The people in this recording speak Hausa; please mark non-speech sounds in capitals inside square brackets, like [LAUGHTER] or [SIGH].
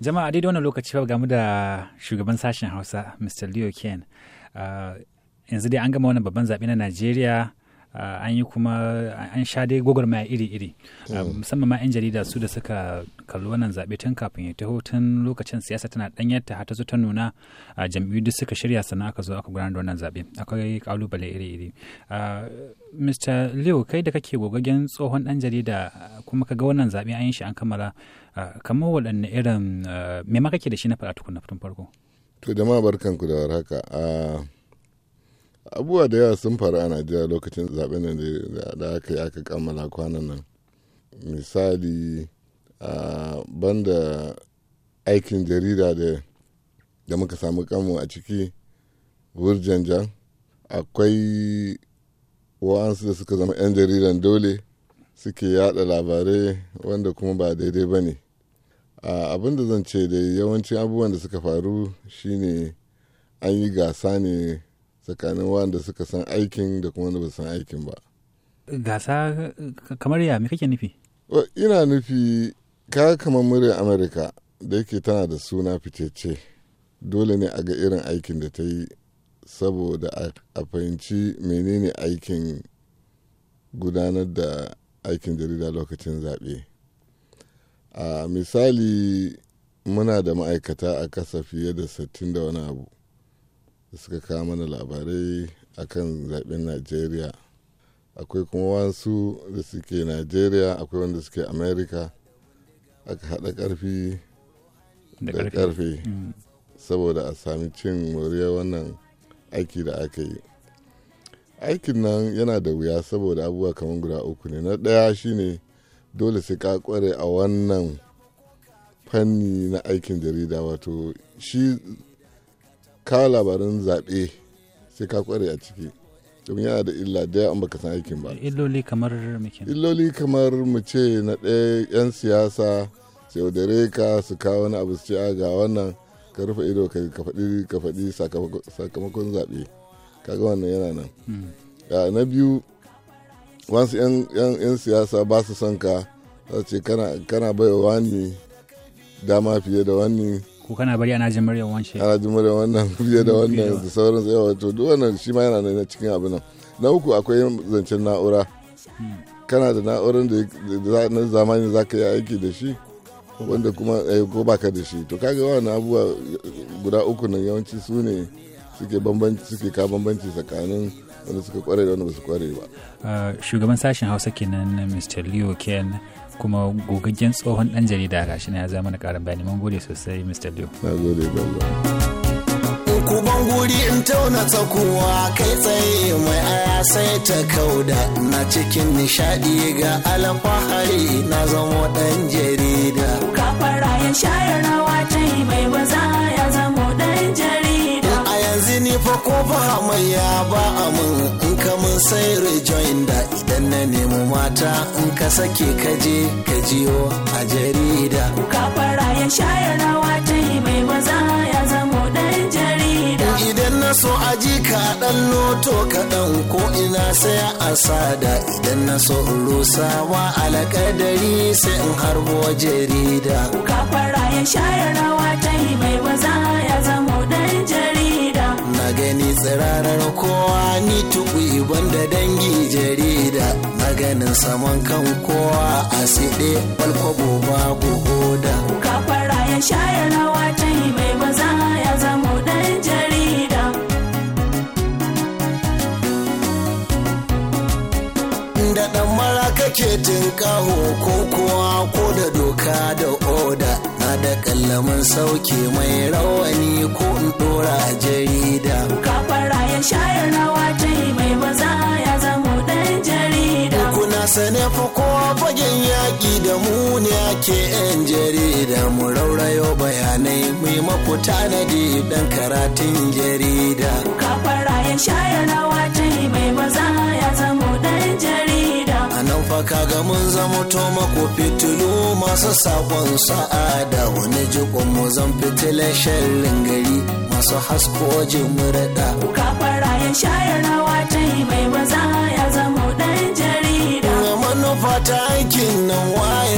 jama'a daidai wannan lokaci ba gamu da shugaban sashen hausa mr leo ken ah, yanzu dai an gama wannan babban zaɓe na najeriya Ah, an yi kuma an sha dai gwagwarmaya iri-iri ah, musamman ma 'yan jarida su da suka kalli wannan zaɓe tun kafin ya taho tun lokacin siyasa tana ɗanyarta har ta zo ta nuna ah, jam'iyyu duk suka shirya sannan aka zo aka gudanar da wannan zaɓe akwai kalubale iri-iri mr leo kai da kake gogagen tsohon ɗan jarida kuma ka ga wannan zaɓe an yi shi an kammala kamar waɗanne irin me ma kake da shi na faɗa tukun na farko to jama'a barkanku da warhaka abubuwa da yawa sun faru a najeriya lokacin zaben da da aka yi aka kammala kwanan nan misali a banda aikin jarida da muka samu kanmu a ciki wurjanjan akwai wa'ansu da suka zama 'yan jaridan dole suke yada labarai wanda kuma ba daidai ba ne abin da zan ce da yawancin abubuwan da suka faru shine an yi gasa ne tsakanin wanda suka san aikin da kuma wanda ba san aikin ba gasa kamar ya kake nufi ina nufi ka kamar muryar amurka da yake tana da suna ficece dole ne a ga irin aikin da ta yi saboda a fahimci menene aikin gudanar da aikin jarida lokacin zaɓe a misali muna da ma'aikata a kasa fiye da sittin da wani abu da suka kawo mana labarai akan zaɓen najeriya akwai kuma wasu da suke najeriya akwai wanda suke america aka haɗa ƙarfi da ƙarfe mm. saboda a sami cin moriya wannan aiki da aka yi aikin nan yana da wuya saboda abubuwa kamar guda uku ne na ɗaya shine dole sai ka kware a wannan fanni na aikin jarida wato shi Ka labarin zaɓe sai ka kware a ciki domin yana da illa da an baka san aikin ba illoli kamar muke illoli kamar mu ce na ɗaya yan siyasa sai yaudare ka su kawo wani abu su ce ga wannan ka rufe ido ka faɗi ka faɗi sakamakon zaɓe kaga wannan yana nan hmm. na biyu wasu yan siyasa ba su son ka za ce kana baiwa wani dama fiye da wani ko kana bari ana jin murya wancan ana jin murya wannan [LAUGHS] fiye da wannan da sauran sai wato duk wannan shi ma yana na cikin abin nan na uku akwai zancen na'ura kana da na'urar da na zamani za ka yi aiki da shi wanda kuma eh, ko baka da shi to kaga wannan abubuwa guda uku nan yawanci su ne suke bambanci suke ka bambanci tsakanin wanda suka kware da wanda ba su kware ba eh, shugaban sashen hausa kenan mr leo ken kuma gogaggen tsohon ɗan jarida gashi ya zama na karin bayani mun gode sosai Mr. Liu. Na gode Ku ban guri in tauna tsakowa kai tsaye mai aya sai ta kauda na cikin nishadi ga alfahari na zama ɗan jarida. ba ya ba amin in ka mun sai rejoin da idan na nemi mata in ka sake kaje ka jiyo a jarida kuka fara ya shaya rawa ta yi mai maza ya zamo dan jarida idan na so aji ka dan loto kaɗan ko ina sai a sada idan na so in rusawa alakadari sai in harbo jarida kuka fara ya shaya rawa ta yi mai maza ya zamo tsirarar kowa ni tuƙi banda dangi jarida maganin saman kan kowa a siɗe balkwabo babu hoda kafara ya shayar rawa ta yi kaho ko kowa ko da doka da oda na da kallaman sauke mai rawani ko in dora jarida kafara ya shayar rawa ta mai maza ya zamo dan jarida kuna sane fa kowa fagen yaƙi da mu ne ake yan jarida mu raurayo bayanai mai maku tanadi dan karatun jarida kafara ya shayar rawa ta mai maza ya zamo kaga mun zama to mako fitilu masu sakon sa'ada wani jikon mu zan fitila shirin gari masu hasko murada. Ku raɗa. Kuka farayen shayarwa ta mai maza ya zama ɗan jarida. Ga manufa ta aikin nan waya.